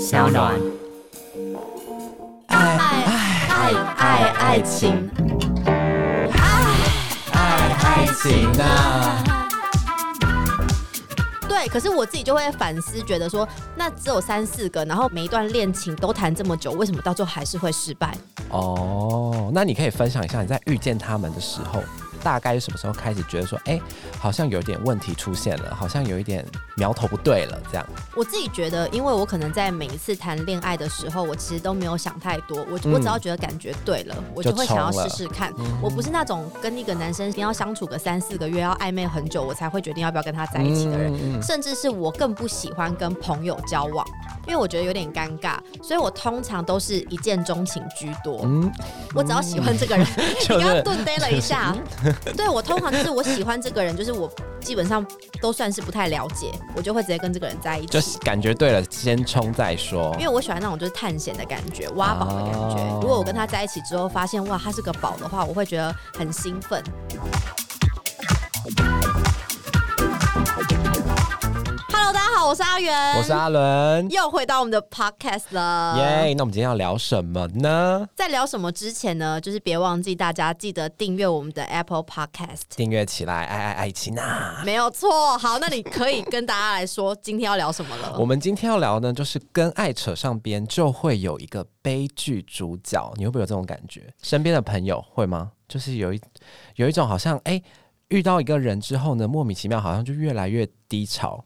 小暖，愛愛愛愛愛，愛情，愛愛愛情、啊、愛，愛情啊！對，可是我自己就會反思，覺得說，那只有三四個，然後每一段戀情都談這麼久，為什麼到最後還是會失敗？哦、oh，那你可以分享一下你在遇見他們的時候。大概是什麼時候開始覺得說，哎、欸，好像有一點問題出現了，好像有一點苗頭不對了，這樣。我自己覺得，因為我可能在每一次談戀愛的時候，我其實都沒有想太多，我只、嗯、我只要覺得感覺對了，我就會想要試試看、嗯。我不是那種跟一個男生一定要相處個三四個月，要曖昧很久，我才會決定要不要跟他在一起的人。嗯、甚至是我更不喜歡跟朋友交往。因為我覺得有點尷尬，所以我通常都是一見鍾情居多。嗯，我只要喜歡這個人，你剛剛頓杯了一下，就是就是、對，我通常就是我喜歡這個人，就是我基本上都算是不太了解，我就會直接跟這個人在一起。就是、感覺對了，先衝再說。因為我喜歡那種就是探險的感覺，挖寶的感覺、哦。如果我跟他在一起之後發現哇，他是個寶的話，我會覺得很興奮。我是阿元，我是阿倫，又回到我們的 podcast 了。耶、yeah！那我們今天要聊什麼呢？在聊什麼之前呢，就是別忘記大家記得訂閱我們的 Apple Podcast，訂閱起來，愛愛愛情娜，沒有錯。好，那你可以跟大家來說 今天要聊什麼了。我們今天要聊呢，就是跟愛扯上邊，就會有一個悲劇主角。你會不會有這種感覺？身邊的朋友會嗎？就是有一有一種好像，哎、欸，遇到一個人之後呢，莫名其妙，好像就越來越低潮。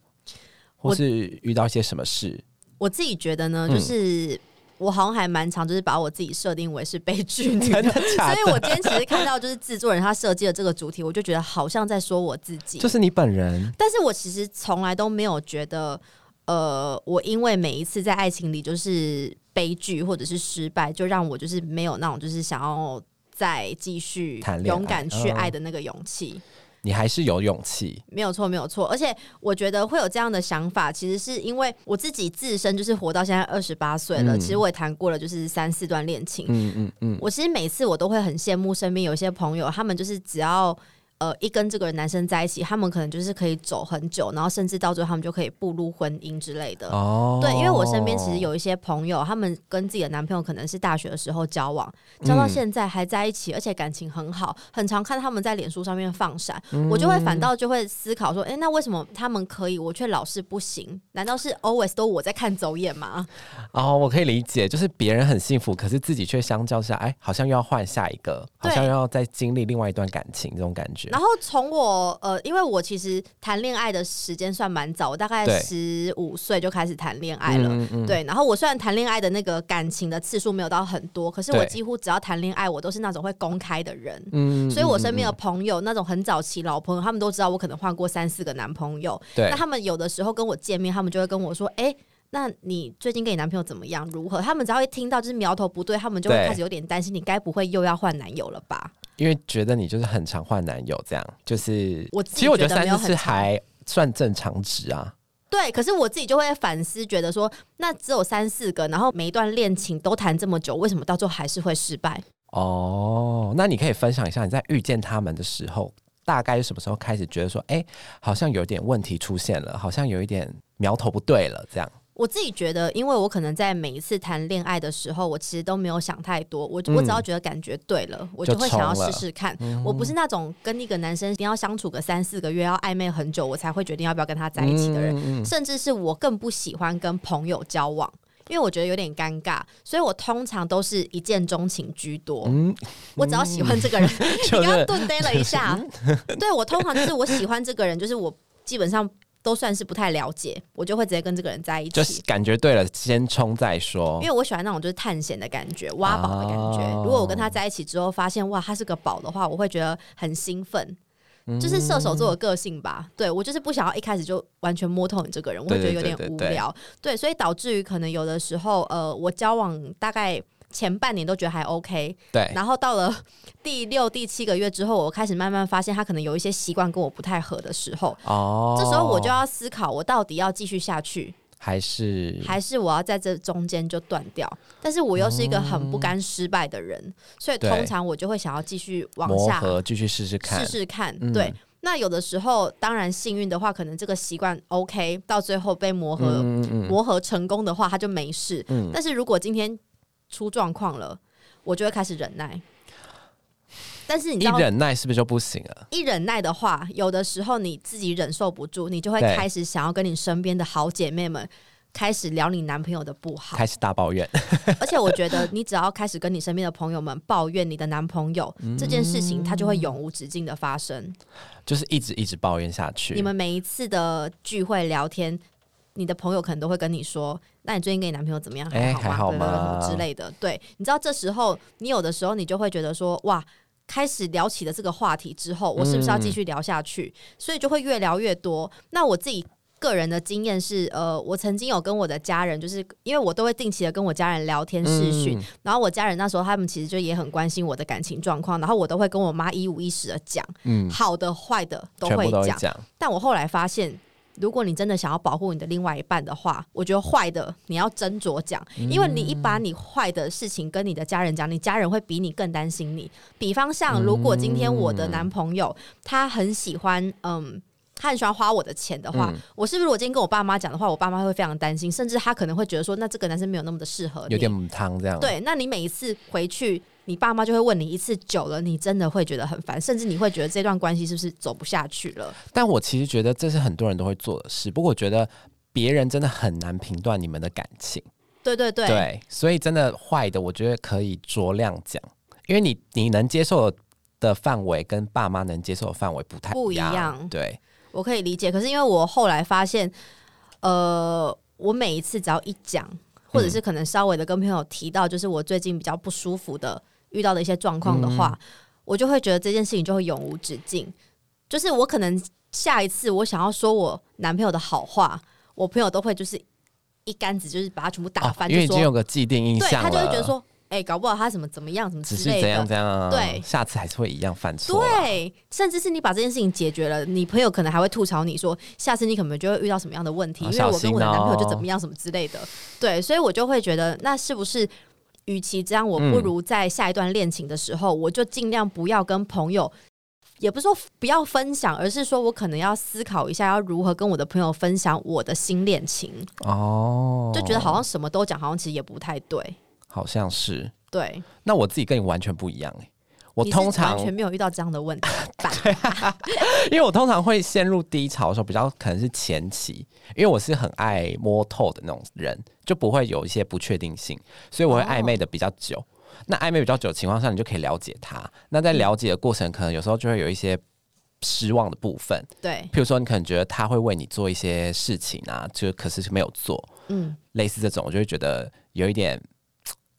或是遇到一些什麼事？我自己覺得呢，嗯、就是我好像還蠻常，就是把我自己設定為是悲劇女， 真的，假的 所以我今天其實看到就是製作人他設計的這個主題，我就覺得好像在說我自己，就是你本人。但是我其實從來都沒有覺得，呃，我因為每一次在愛情裡就是悲劇或者是失敗，就讓我就是沒有那種就是想要再繼續勇敢去愛的那個勇氣。你還是有勇氣，沒有錯，沒有錯。而且我覺得會有這樣的想法，其實是因為我自己自身就是活到現在二十八歲了，嗯。其實我也談過了，就是三四段戀情。嗯嗯嗯，我其實每次我都會很羨慕身邊有些朋友，他們就是只要。呃，一跟這個男生在一起，他們可能就是可以走很久，然後甚至到最後他們就可以步入婚姻之類的。哦，對，因為我身邊其實有一些朋友，他們跟自己的男朋友可能是大學的時候交往，交到現在還在一起，嗯、而且感情很好，很常看他們在臉書上面放閃，嗯、我就會反倒就會思考說，哎，那為什麼他們可以，我卻老是不行？難道是 always 都我在看走眼嗎？哦，我可以理解，就是別人很幸福，可是自己卻相較下，哎，好像又要換下一個，好像又要再經歷另外一段感情，這種感覺。然後從我呃，因為我其實談戀愛的時間算蠻早，我大概十五歲就開始談戀愛了對。對，然後我雖然談戀愛的那個感情的次數沒有到很多，可是我幾乎只要談戀愛，我都是那種會公開的人。所以我身邊的朋友，那種很早期老朋友，他們都知道我可能換過三四個男朋友。對，那他們有的時候跟我見面，他們就會跟我說：“哎，那你最近跟你男朋友怎麼樣？如何？”他們只要一聽到就是苗頭不對，他們就會開始有點擔心，你該不會又要換男友了吧？因為覺得你就是很常換男友，這樣就是我其實我覺得三四次還算正常值啊。對，可是我自己就會反思，覺得說那只有三四個，然後每一段戀情都談這麼久，為什麼到最後還是會失敗？哦，那你可以分享一下你在遇見他們的時候，大概是什麼時候開始覺得說，哎、欸，好像有一點問題出現了，好像有一點苗頭不對了，這樣。我自己覺得，因為我可能在每一次談戀愛的時候，我其實都沒有想太多，我、嗯、我只要覺得感覺對了，就我就會想要試試看、嗯。我不是那種跟一個男生一定要相處個三四個月，要曖昧很久，我才會決定要不要跟他在一起的人。嗯嗯、甚至是我更不喜歡跟朋友交往，因為我覺得有點尷尬，所以我通常都是一見鍾情居多。嗯、我只要喜歡這個人，嗯 就是、你要頓呆了一下，就是、對我通常就是我喜歡這個人，就是我基本上。都算是不太了解，我就會直接跟這個人在一起，就是感覺對了，先衝再說。因為我喜歡那種就是探險的感覺，挖寶的感覺。哦。如果我跟他在一起之後發現哇，他是個寶的話，我會覺得很興奮，就是射手座的個性吧。嗯。對，我就是不想要一開始就完全摸透你這個人，我會覺得有點無聊。對，對，對，對，對，對，所以導致於可能有的時候，呃，我交往大概。前半年都覺得還 OK，對，然後到了第六、第七個月之後，我開始慢慢發現他可能有一些習慣跟我不太合的時候，哦，這時候我就要思考，我到底要繼續下去，還是還是我要在這中間就斷掉？但是我又是一個很不甘失敗的人，嗯、所以通常我就會想要繼續往下繼續試試看，試試看，試試看、嗯。對，那有的時候當然幸運的話，可能這個習慣 OK，到最後被磨合嗯嗯，磨合成功的話，他就沒事。嗯、但是如果今天出狀況了，我就會開始忍耐。但是你一忍耐是不是就不行了？一忍耐的話，有的時候你自己忍受不住，你就會開始想要跟你身邊的好姐妹們開始聊你男朋友的不好，開始大抱怨。而且我覺得，你只要開始跟你身邊的朋友們抱怨你的男朋友 這件事情，它就會永無止境的發生。嗯，就是一直一直抱怨下去。你們每一次的聚會聊天。你的朋友可能都會跟你說，那你最近跟你男朋友怎麼樣還好嗎？欸，還好嗎？對對對，之類的。對，你知道這時候，你有的時候你就會覺得說，哇，開始聊起了這個話題之後，我是不是要繼續聊下去？嗯，所以就會越聊越多。那我自己個人的經驗是，呃，我曾經有跟我的家人，就是因為我都會定期的跟我家人聊天視訊，嗯，然後我家人那時候他們其實就也很關心我的感情狀況，然後我都會跟我媽一五一十的講，嗯，好的壞的都會講。但我後來發現。如果你真的想要保護你的另外一半的話，我覺得壞的你要斟酌講，因為你一把你壞的事情跟你的家人講，你家人會比你更擔心你。比方像，如果今天我的男朋友、嗯、他很喜歡，嗯，他很喜歡花我的錢的話，嗯、我是不是我今天跟我爸媽講的話，我爸媽會非常擔心，甚至他可能會覺得說，那這個男生沒有那麼的適合你，有點母湯這樣。對，那你每一次回去。你爸媽就會問你一次，久了你真的會覺得很煩，甚至你會覺得這段關係是不是走不下去了？但我其實覺得這是很多人都會做的事，不過我覺得別人真的很難評斷你們的感情。對對對，對所以真的壞的，我覺得可以酌量講，因為你你能接受的範圍跟爸媽能接受的範圍不太一樣不一樣。對，我可以理解。可是因為我後來發現，呃，我每一次只要一講，或者是可能稍微的跟朋友提到，就是我最近比較不舒服的。遇到的一些狀況的話、嗯，我就會覺得這件事情就會永無止境。就是我可能下一次我想要說我男朋友的好話，我朋友都會就是一竿子就是把他全部打翻，哦、因為已經有個既定印象，對，他就會覺得說，哎、欸，搞不好他什麼怎麼樣，什麼之類的，只是這樣這樣，對，下次還是會一樣犯錯。對，甚至是你把這件事情解決了，你朋友可能還會吐槽你說，下次你可能就會遇到什麼樣的問題，哦、因為我跟我的男朋友就怎麼樣、哦、什麼之類的。對，所以我就會覺得那是不是？與其這樣，我不如在下一段戀情的時候，嗯、我就盡量不要跟朋友，也不是說不要分享，而是說我可能要思考一下，要如何跟我的朋友分享我的新戀情。哦，就覺得好像什麼都講，好像其實也不太對。好像是。對。那我自己跟你完全不一樣誒、欸。我通常完全沒有遇到這樣的問題， 對啊， 因為我通常會陷入低潮的時候，比較可能是前期，因為我是很愛摸透的那種人，就不會有一些不確定性，所以我會曖昧的比較久。哦，那曖昧比較久的情況下，你就可以了解他。那在了解的過程，可能有時候就會有一些失望的部分，對、嗯，譬如說你可能覺得他會為你做一些事情啊，就可是是沒有做，嗯，類似這種，我就會覺得有一點。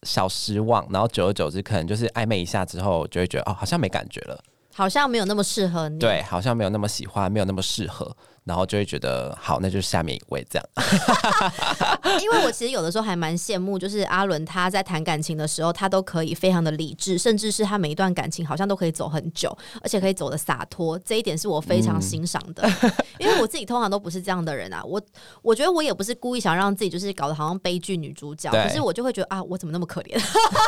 小失望，然後久而久之，可能就是曖昧一下之後，就會覺得哦，好像沒感覺了，好像沒有那麼適合你，對，好像沒有那麼喜歡，沒有那麼適合。然後就會覺得好，那就是下面一位這樣。 因為我其實有的時候還蠻羨慕，就是阿倫他在談感情的時候，他都可以非常的理智，甚至是他每一段感情好像都可以走很久，而且可以走得灑脫。這一點是我非常欣賞的。嗯、 因為我自己通常都不是這樣的人啊，我我覺得我也不是故意想讓自己就是搞得好像悲劇女主角，可是我就會覺得啊，我怎麼那麼可憐？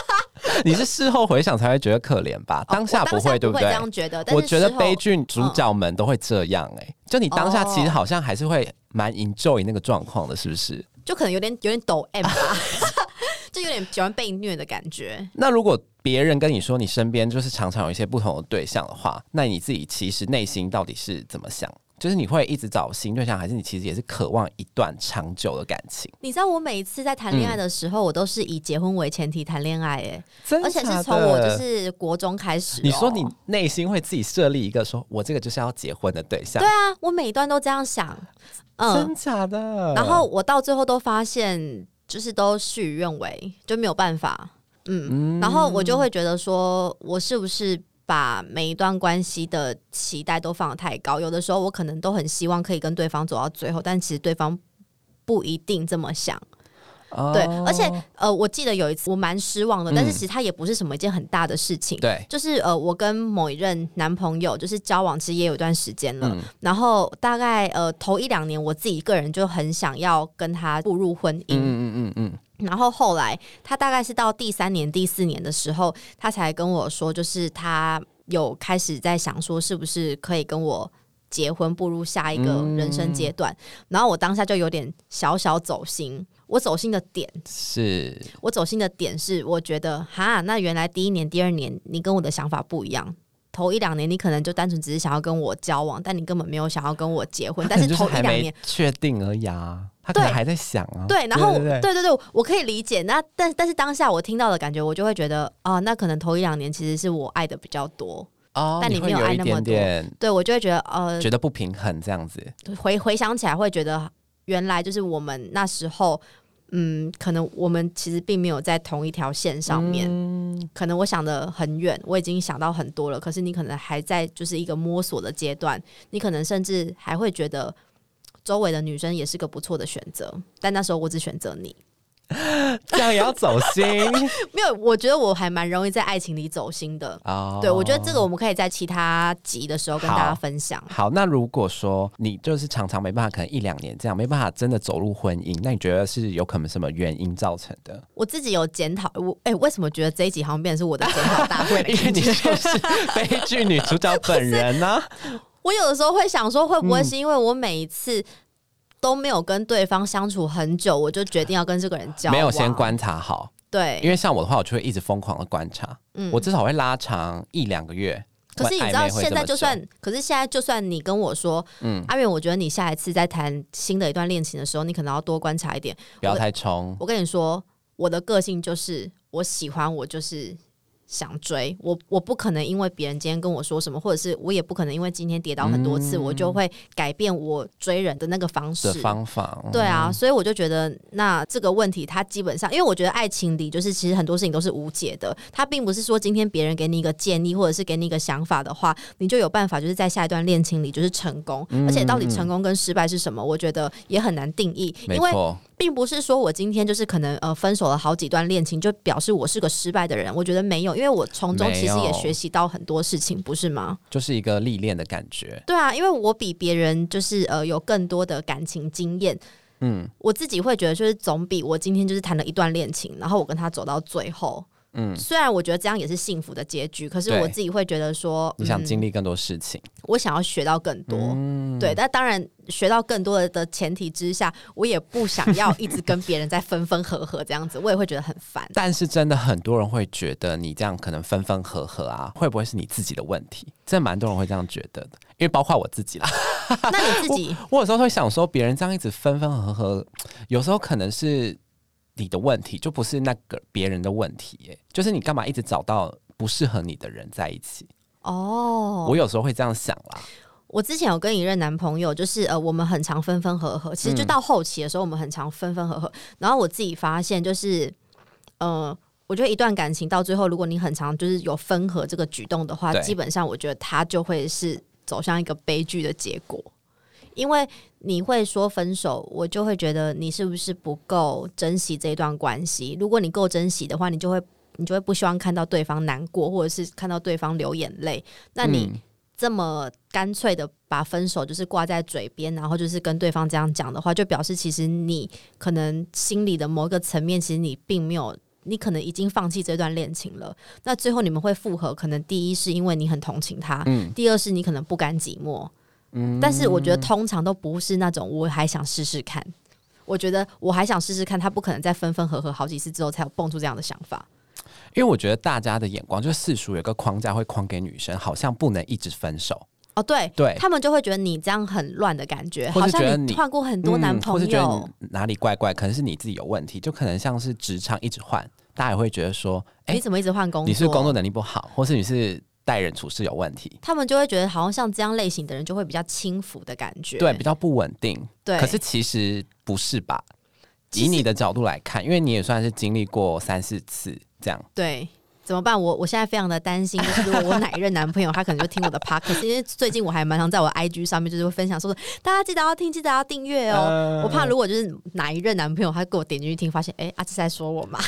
你是事後回想才會覺得可憐吧？哦、當下當下不會，對不對？這樣覺得，但是我覺得悲劇主角們都會這樣哎、欸。嗯就你當下其實好像還是會蠻 enjoy 那個狀況的，oh, 是不是？就可能有點有點抖 M 吧， 就有點喜歡被虐的感覺。 那如果別人跟你說你身邊就是常常有一些不同的對象的話，那你自己其實內心到底是怎麼想？就是你會一直找新對象，還是你其實也是渴望一段長久的感情？你知道，我每一次在談戀愛的時候、嗯，我都是以結婚為前提談戀愛，哎，而且是從我就是國中開始、哦。你說你內心會自己設立一個說，說我這個就是要結婚的對象？對啊，我每一段都這樣想，嗯，真假的。然後我到最後都發現，就是都事與願違，就沒有辦法嗯。嗯，然後我就會覺得說，說我是不是？把每一段關係的期待都放得太高，有的時候我可能都很希望可以跟對方走到最後，但其實對方不一定這麼想。Oh. 對，而且呃，我記得有一次我蠻失望的，嗯，但是其實他也不是什麼一件很大的事情。對，就是呃，我跟某一任男朋友就是交往，其實也有一段時間了，嗯，然後大概呃頭一兩年我自己一個人就很想要跟他步入婚姻。嗯嗯嗯嗯，嗯。然後後來，他大概是到第三年、第四年的時候，他才跟我說，就是他有開始在想說，是不是可以跟我結婚，步入下一個人生階段。嗯。然後我當下就有點小小走心，我走心的點是，我走心的點是，我覺得哈，那原來第一年、第二年，你跟我的想法不一樣。頭一兩年，你可能就單純只是想要跟我交往，但你根本沒有想要跟我結婚。是但是頭一兩年確定而已啊，他可能還在想啊。對，然後對對對，對，對對對，我可以理解。那但但是當下我聽到的感覺，我就會覺得哦、呃，那可能頭一兩年其實是我愛的比較多、哦、但你沒有愛那麼多。點點對，我就會覺得呃，覺得不平衡這樣子。回回想起來，會覺得原來就是我們那時候。嗯，可能我們其實並沒有在同一條線上面。嗯。可能我想得很遠，我已經想到很多了。可是你可能還在就是一個摸索的階段，你可能甚至還會覺得周圍的女生也是個不錯的選擇。但那時候我只選擇你。 這樣也要走心？ 沒有，我覺得我還蠻容易在愛情裡走心的、oh. 對，我覺得這個我們可以在其他集的時候跟大家分享。Oh. 好，好，那如果說你就是常常沒辦法，可能一兩年這樣沒辦法真的走入婚姻，那你覺得是有可能什麼原因造成的？我自己有檢討，我哎、欸，為什麼覺得這一集好像變是我的檢討大會了？ 因為你就是悲劇女主角本人呢、啊 。我有的時候會想說，會不會是因為我每一次、嗯。都沒有跟對方相處很久，我就決定要跟這個人交往。沒有先觀察好，對，因為像我的話，我就會一直瘋狂的觀察，嗯，我至少會拉長一兩個月。可是你知道，現在就算，可是現在就算你跟我說，嗯，阿圓，我覺得你下一次在談新的一段戀情的時候，你可能要多觀察一點，不要太衝。我跟你說，我的個性就是我喜歡，我就是。想追我，我不可能因為別人今天跟我說什麼，或者是我也不可能因為今天跌倒很多次，嗯、我就會改變我追人的那個方式方法、嗯。對啊，所以我就覺得那這個問題，它基本上，因為我覺得愛情裡就是其實很多事情都是無解的。他並不是說今天別人給你一個建議，或者是給你一個想法的話，你就有辦法就是在下一段戀情裡就是成功、嗯。而且到底成功跟失敗是什麼，嗯、我覺得也很難定義。沒錯。因為。並不是說我今天就是可能呃分手了好幾段戀情，就表示我是個失敗的人。我覺得沒有，因為我從中其實也學習到很多事情，不是嗎？就是一個歷練的感覺。對啊，因為我比別人就是呃有更多的感情經驗。嗯，我自己會覺得，就是總比我今天就是談了一段戀情，然後我跟他走到最後。嗯，雖然我覺得這樣也是幸福的結局，可是我自己會覺得說，你、嗯、想經歷更多事情，我想要學到更多、嗯，對，但當然學到更多的前提之下，我也不想要一直跟別人在分分合合這樣子， 我也會覺得很煩。但是真的很多人會覺得你這樣可能分分合合啊，會不會是你自己的問題？真的蠻多人會這樣覺得的，因為包括我自己啦。 那你自己，我，我有時候會想說，別人這樣一直分分合合，有時候可能是。你的問題就不是那個別人的問題，就是你幹嘛一直找到不適合你的人在一起？哦、oh，我有時候會這樣想啦。我之前有跟一任男朋友，就是呃，我們很常分分合合，其實就到後期的時候，嗯、我們很常分分合合。然後我自己發現，就是，嗯、呃，我覺得一段感情到最後，如果你很常就是有分合這個舉動的話，基本上我覺得他就會是走向一個悲劇的結果。因為你會說分手，我就會覺得你是不是不夠珍惜這段關係？如果你夠珍惜的話，你就會你就會不希望看到對方難過，或者是看到對方流眼淚。那你這麼乾脆的把分手就是掛在嘴邊，然後就是跟對方這樣講的話，就表示其實你可能心裡的某一個層面，其實你並沒有，你可能已經放棄這段戀情了。那最後你們會復合，可能第一是因為你很同情他，第二是你可能不甘寂寞。但是我覺得通常都不是那種我還想試試看，我覺得我還想試試看，他不可能在分分合合好幾次之後才有蹦出這樣的想法。因為我覺得大家的眼光就是世俗有個框架會框給女生，好像不能一直分手哦。對對，他們就會覺得你這樣很亂的感覺，覺得好像你換過很多男朋友，嗯、哪裡怪怪，可能是你自己有問題，就可能像是職場一直換，大家也會覺得說，哎、欸，你怎麼一直換工作？你是工作能力不好，或是你是？待人處事有問題，他們就會覺得好像像這樣類型的人就會比較輕浮的感覺，對，比較不穩定，對。可是其實不是吧？以你的角度來看，因為你也算是經歷過三四次這樣，對。怎麼辦？我我現在非常的擔心，就是如果我哪一任男朋友 他可能就聽我的 podcast，因為最近我還蠻常在我 IG 上面就是會分享說，說大家記得要聽，記得要訂閱哦、嗯。我怕如果就是哪一任男朋友他給我點進去聽，發現哎，阿志在說我嘛。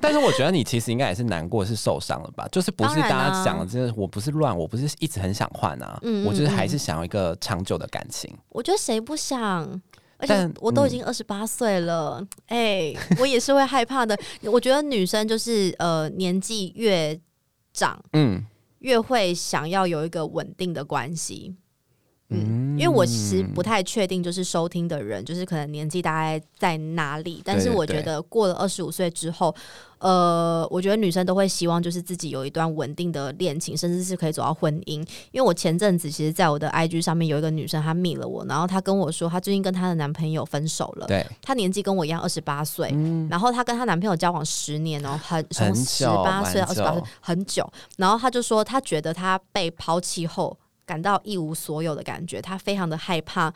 但是我覺得你其實應該也是難過，是受傷了吧？ 就是不是大家講，就是我不是亂，我不是一直很想換啊嗯嗯嗯，我就是還是想要一個長久的感情。我覺得誰不想？我都已經二十八歲了，哎、嗯欸，我也是會害怕的。 我覺得女生就是呃，年紀越長，嗯，越會想要有一個穩定的關係，嗯。嗯因為我其實不太確定，就是收聽的人，就是可能年紀大概在哪裡。但是我覺得過了二十五歲之後，對對對，呃，我覺得女生都會希望就是自己有一段穩定的戀情，甚至是可以走到婚姻。因為我前陣子其實在我的 IG 上面有一個女生她密了我，然後她跟我說她最近跟她的男朋友分手了。她年紀跟我一樣28，二十八歲。然後她跟她男朋友交往十年哦，很從十八歲到二十八，很久。然後她就說她覺得她被拋棄後。感到一無所有的感覺，他非常的害怕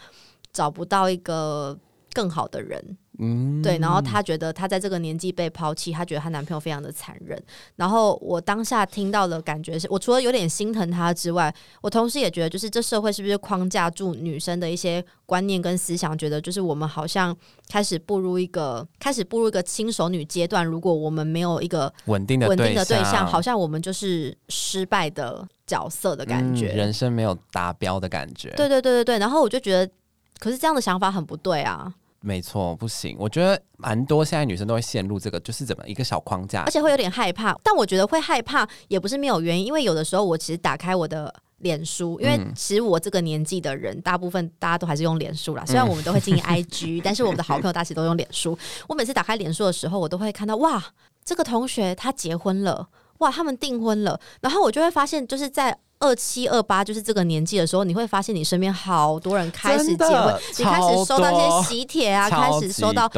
找不到一個更好的人。嗯，對。然後她覺得她在這個年紀被拋棄，她覺得她男朋友非常的殘忍。然後我當下聽到的感覺是，是我除了有點心疼她之外，我同時也覺得，就是這社會是不是框架住女生的一些觀念跟思想？覺得就是我們好像開始步入一個開始步入一個輕熟女階段。如果我們沒有一個穩定的穩定的對象，好像我們就是失敗的角色的感覺。嗯，人生沒有達標的感覺。對對對對對。然後我就覺得，可是這樣的想法很不對啊。沒錯，不行。我覺得蠻多現在女生都會陷入這個，就是怎麼一個小框架，而且會有點害怕。但我覺得會害怕也不是沒有原因，因為有的時候我其實打開我的臉書，因為其實我這個年紀的人，嗯，大部分大家都還是用臉書啦。雖然我們都會經營 IG，嗯，但是我們的好朋友大家都用臉書。 我每次打開臉書的時候，我都會看到，哇，這個同學他結婚了，哇，他們訂婚了，然後我就會發現就是在。二七二八，就是這個年紀的時候，你會發現你身邊好多人開始結婚，你開始收到一些喜帖啊，開始收到，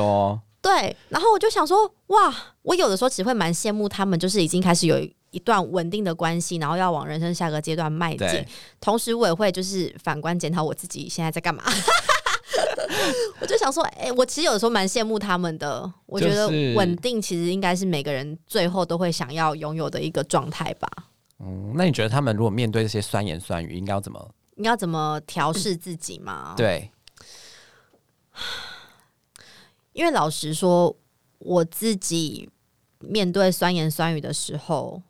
對。然後我就想說，哇，我有的時候只會蠻羨慕他們，就是已經開始有一段穩定的關係，然後要往人生下個階段邁進。同時我也會就是反觀檢討我自己現在在幹嘛。 我就想說，哎、欸，我其實有的時候蠻羨慕他們的。我覺得穩定其實應該是每個人最後都會想要擁有的一個狀態吧。嗯，那你覺得他們如果面對這些酸言酸語，應該要怎麼？應該要怎麼調適自己嗎、嗯？對，因為老實說，我自己面對酸言酸語的時候，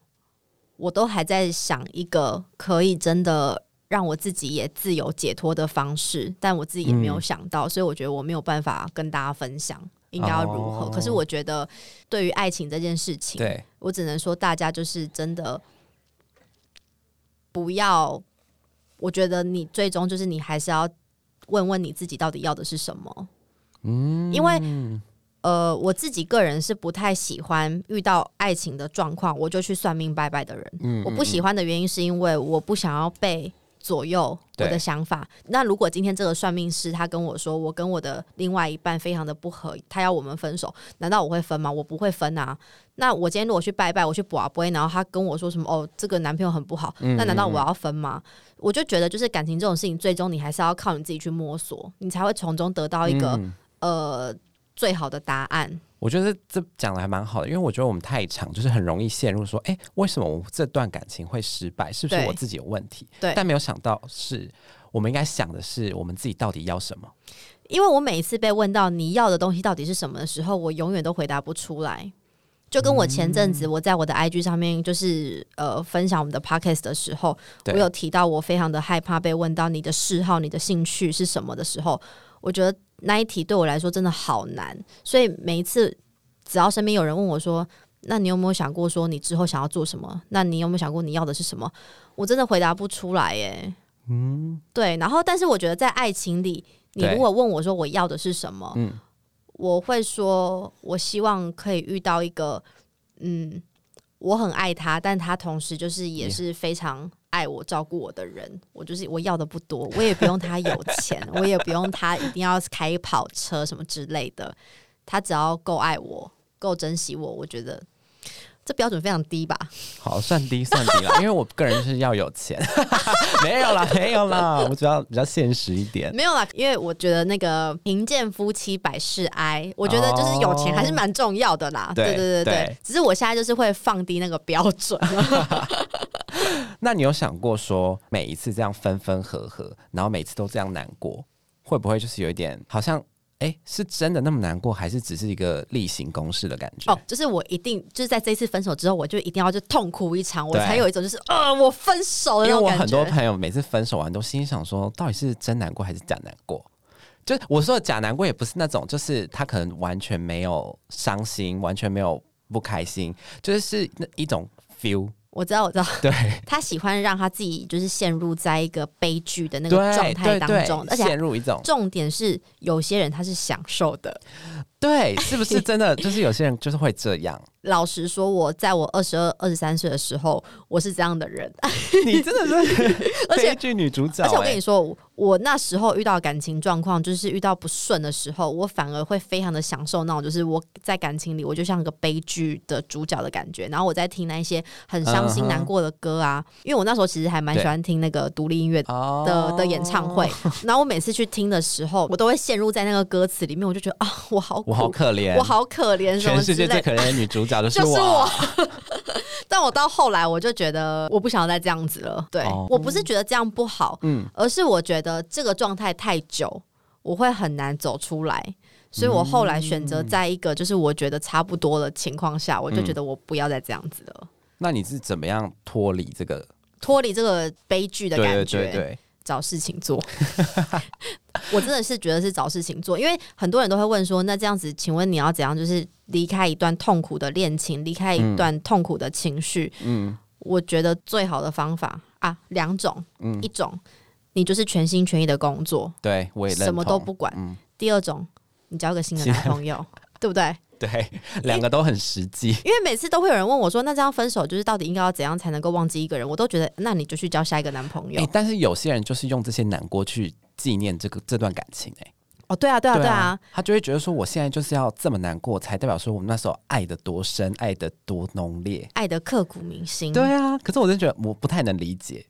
我都還在想一個可以真的讓我自己也自由解脫的方式，但我自己也沒有想到、嗯，所以我覺得我沒有辦法跟大家分享應該如何、哦。可是我覺得，對於愛情這件事情，我只能說大家就是真的。不要，我覺得你最終就是你還是要問問你自己到底要的是什麼。嗯，因為呃，我自己個人是不太喜歡遇到愛情的狀況，我就去算命拜拜的人。嗯嗯嗯。我不喜歡的原因是因為我不想要被左右我的想法。那如果今天這個算命師他跟我說，我跟我的另外一半非常的不合，他要我們分手，難道我會分嗎？我不會分啊。那我今天如果去拜拜，我去補啊卜，然後他跟我說什麼哦，這個男朋友很不好，嗯，那難道我要分嗎？我就覺得，就是感情這種事情，最終你還是要靠你自己去摸索，你才會從中得到一個、嗯、呃最好的答案。我覺得這講得還蠻好的，因為我覺得我們太長，就是很容易陷入說，哎，為什麼我這段感情會失敗？是不是我自己有問題？對，對，但沒有想到是我們應該想的是，我們自己到底要什麼？因為我每一次被問到你要的東西到底是什麼的時候，我永遠都回答不出來。就跟我前陣子我在我的 IG 上面就是、嗯、呃分享我們的 Podcast 的時候，我有提到我非常的害怕被問到你的嗜好、你的興趣是什麼的時候，我覺得那一題對我來說真的好難，所以每一次只要身邊有人問我說，那你有沒有想過說你之後想要做什麼？那你有沒有想過你要的是什麼？我真的回答不出來耶。嗯，對。然後，但是我覺得在愛情裡，你如果問我說我要的是什麼？我會說，我希望可以遇到一個，嗯，我很愛他，但他同時就是也是非常愛我、照顧我的人。我就是我要的不多，我也不用他有錢， 我也不用他一定要開跑車什麼之類的，他只要夠愛我、夠珍惜我，我覺得。這標準非常低吧？好，算低，算低啦。 因為我個人是要有錢， 沒有啦，沒有啦， 我只要比較現實一點。 沒有啦，因為我覺得那個貧賤夫妻百事哀，我覺得就是有錢還是蠻重要的啦。哦、對對對對，對，只是我現在就是會放低那個標準。 那你有想過說，每一次這樣分分合合，然後每次都這樣難過，會不會就是有一點好像？哎，是真的那麼難過，還是只是一個例行公事的感覺？哦，就是我一定就是在這次分手之後，我就一定要就痛哭一場，我才有一種就是呃，我分手的那種感覺。因為我很多朋友每次分手完都心想說，到底是真難過還是假難過？就我說的假難過，也不是那種，就是他可能完全沒有傷心，完全沒有不開心，就是那一種 feel。我知，我知道，我知道，對，他喜歡讓他自己就是陷入在一個悲劇的那個狀態當中，對對對，陷入一種，而且重點是有些人他是享受的。對，是不是真的？就是有些人就是會這樣。 老實說，我在我二十二、二十三歲的時候，我是這樣的人。你真的是悲劇女主角。而且我跟你說，我那時候遇到感情狀況，就是遇到不順的時候，我反而會非常的享受那種，就是我在感情裡，我就像個悲劇的主角的感覺。然後我在聽那一些很傷心、難過的歌啊，uh-huh. 因為我那時候其實還蠻喜歡聽那個獨立音樂的、oh. 的演唱會。然後我每次去聽的時候，我都會陷入在那個歌詞裡面，我就覺得啊，我好。我好可憐，我，我好可憐，全世界最可憐的女主角就是我。 是我 但我到後來，我就覺得我不想再這樣子了。對、哦、我不是覺得這樣不好，嗯，而是我覺得這個狀態太久，我會很難走出來。所以我後來選擇在一個就是我覺得差不多的情況下，我就覺得我不要再這樣子了。嗯、那你是怎麼樣脫離這個？脫離這個悲劇的感覺？對，對，對，對。找事情做， 我真的是覺得是找事情做，因為很多人都會問說，那這樣子，請問你要怎樣，就是離開一段痛苦的戀情，離開一段痛苦的情緒？嗯，我覺得最好的方法啊，兩種、嗯，一種你就是全心全意的工作，對，我也認同，什麼都不管、嗯；第二種，你交個新的男朋友， 對不對？對，兩個都很實際。因為，因為每次都會有人問我說：“那這樣分手，就是到底應該要怎樣才能夠忘記一個人？”我都覺得，那你就去交下一個男朋友。欸、但是有些人就是用這些難過去紀念這個這段感情、欸。哦，對啊，對啊，對啊，他就會覺得說，我現在就是要這麼難過，才代表說我們那時候愛的多深，愛的多濃烈，愛的刻骨銘心。對啊，可是我真的覺得我不太能理解，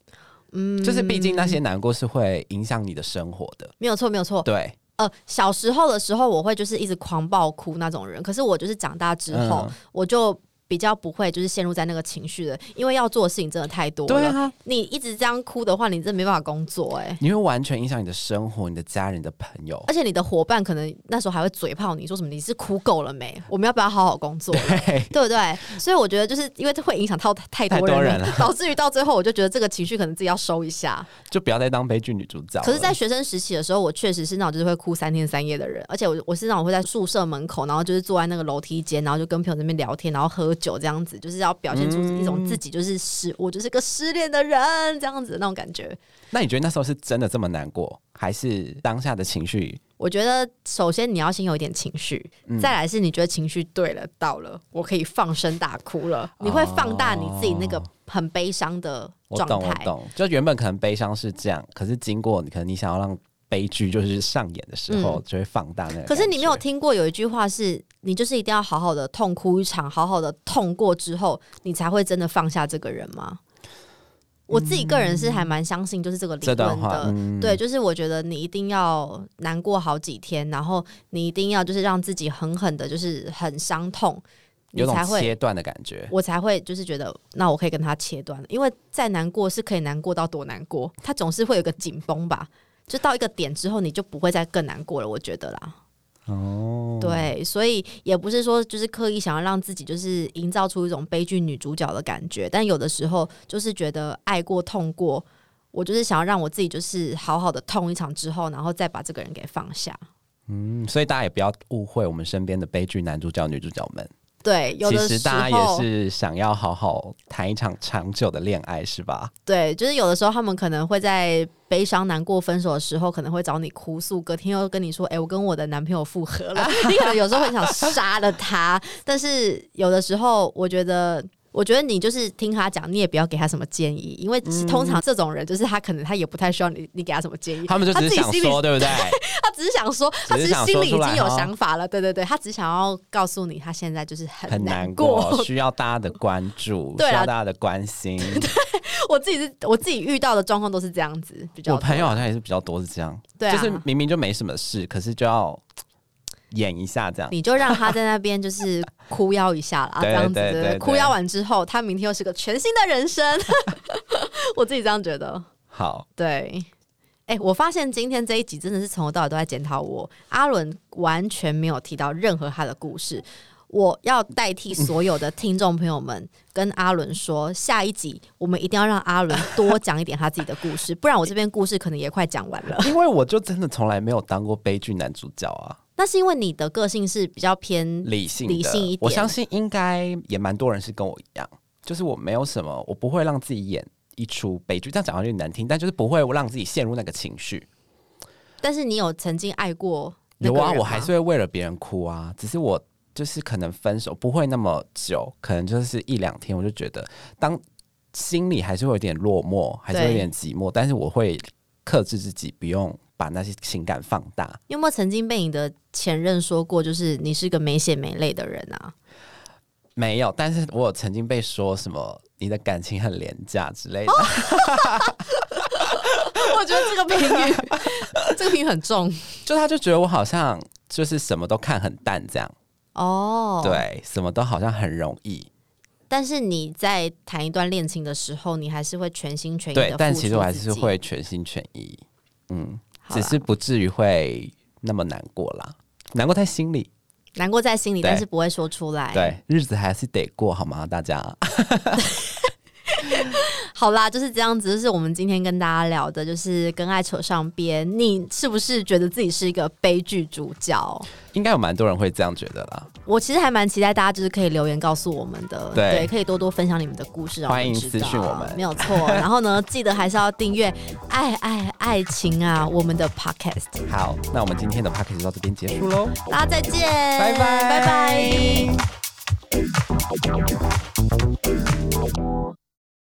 嗯，就是畢竟那些難過是會影響你的生活的。沒有錯，沒有錯，對。呃，小時候的時候，我會就是一直狂暴哭那種人，可是我就是長大之後，嗯、我就。比較不會就是陷入在那個情緒的，因為要做的事情真的太多了。對啊。你一直這樣哭的話，你真的沒辦法工作哎、欸。你會完全影響你的生活、你的家人、的朋友，而且你的夥伴可能那時候還會嘴炮你說什麼？你是哭夠了沒？我們要不要好好工作對不對，對，對？所以我覺得就是因為這會影響到太多人了，導致於到最後我就覺得這個情緒可能自己要收一下，就不要再當悲劇女主角。可是，在學生時期的時候，我確實是那種就是會哭三天三夜的人，而且我我是那種會在宿舍門口，然後就是坐在那個樓梯間，然後就跟朋友那邊聊天，然後喝。酒這樣子，就是要表現出一種自己就是失、嗯，我就是個失戀的人這樣子的那種感覺。那你覺得那時候是真的這麼難過，還是當下的情緒？我覺得首先你要先有一點情緒、嗯，再來是你覺得情緒對了到了，我可以放聲大哭了、哦。你會放大你自己那個很悲傷的狀態。我懂，我懂。就原本可能悲傷是這樣，可是經過你，可能你想要讓悲劇就是上演的時候，嗯、就會放大那個。可是你沒有聽過有一句話是，你就是一定要好好的痛哭一場，好好的痛過之後，你才會真的放下這個人嗎？嗯、我自己個人是還蠻相信就是這個理論的。這的、嗯。對，就是我覺得你一定要難過好幾天，然後你一定要就是讓自己狠狠的，就是很傷痛，你才會有種切斷的感覺。我才會就是覺得，那我可以跟他切斷，因為再難過是可以難過到多難過，他總是會有個緊繃吧？就到一個點之後，你就不會再更難過了。我覺得啦。哦，對，所以也不是說就是刻意想要讓自己就是營造出一種悲劇女主角的感覺，但有的時候就是覺得愛過痛過，我就是想要讓我自己就是好好的痛一場之後，然後再把這個人給放下。嗯，所以大家也不要誤會我們身邊的悲劇男主角、女主角們。對，有的時候，其實大家也是想要好好談一場長久的戀愛，是吧？對，就是有的時候他們可能會在悲傷、難過、分手的時候，可能會找你哭訴，隔天又跟你說：“哎、欸，我跟我的男朋友復合了。 ” 有時候很想殺了他， 但是有的時候我覺得。我覺得你就是聽他講，你也不要給他什麼建議，因為通常這種人就是他可能他也不太需要你。你給他什麼建議？他們就只是想說，對不對？他只是想說，只是想說，他其實心裡已經有想法了。哦、對對對，他只想要告訴你，他現在就是很難，很難過，需要大家的關注，啊、需要大家的關心，對。我自己是我自己遇到的狀況都是這樣子，比較我朋友好像也是比較多是這樣。對、啊、就是明明就沒什麼事，可是就要。演一下這樣，你就讓他在那邊就是哭腰一下啦。 這樣子是不是？對對對對對。哭腰完之後，他明天又是個全新的人生。 我自己這樣覺得。好，對，欸，我發現今天這一集真的是從頭到尾都在檢討我。阿倫完全沒有提到任何他的故事，我要代替所有的聽眾朋友們跟阿倫說， 下一集我們一定要讓阿倫多講一點他自己的故事， 不然我這邊故事可能也快講完了。因為我就真的從來沒有當過悲劇男主角啊。那是因為你的個性是比較偏理性，理性一點。我相信應該也蠻多人是跟我一樣，就是我沒有什麼，我不會讓自己演一出悲劇。這樣講有點難聽，但就是不會讓自己陷入那個情緒。但是你有曾經愛過？有啊，我還是會為了別人哭啊。只是我就是可能分手不會那麼久，可能就是一兩天，我就覺得當心裡還是會有點落寞，還是會有點寂寞，但是我會克制自己，不用。把那些情感放大，有沒有曾經被你的前任說過，就是你是一個沒血沒淚的人啊？沒有，但是我有曾經被說什麼你的感情很廉價之類的。哦、 我覺得這個評語， 這個評語很重，就他就覺得我好像就是什麼都看很淡這樣。哦，對，什麼都好像很容易。但是你在談一段戀情的時候，你還是會全心全意的對。但其實我還是會全心全意，嗯。只是不至於會那麼難過啦，難過在心裡，難過在心裡，但是不會說出來。對，日子還是得過，好嗎？大家， 好啦，就是這樣子。就是我們今天跟大家聊的，就是跟愛扯上邊。你是不是覺得自己是一個悲劇主角？應該有蠻多人會這樣覺得啦。我其實還蠻期待大家，就是可以留言告訴我們的對，對，可以多多分享你們的故事，哦歡迎私信我們，沒有錯。 然後呢，記得還是要訂閱《唉唉愛情》啊，我們的 Podcast。好，那我們今天的 Podcast 就到這邊結束嘍，Hello. 大家再見，拜拜拜拜。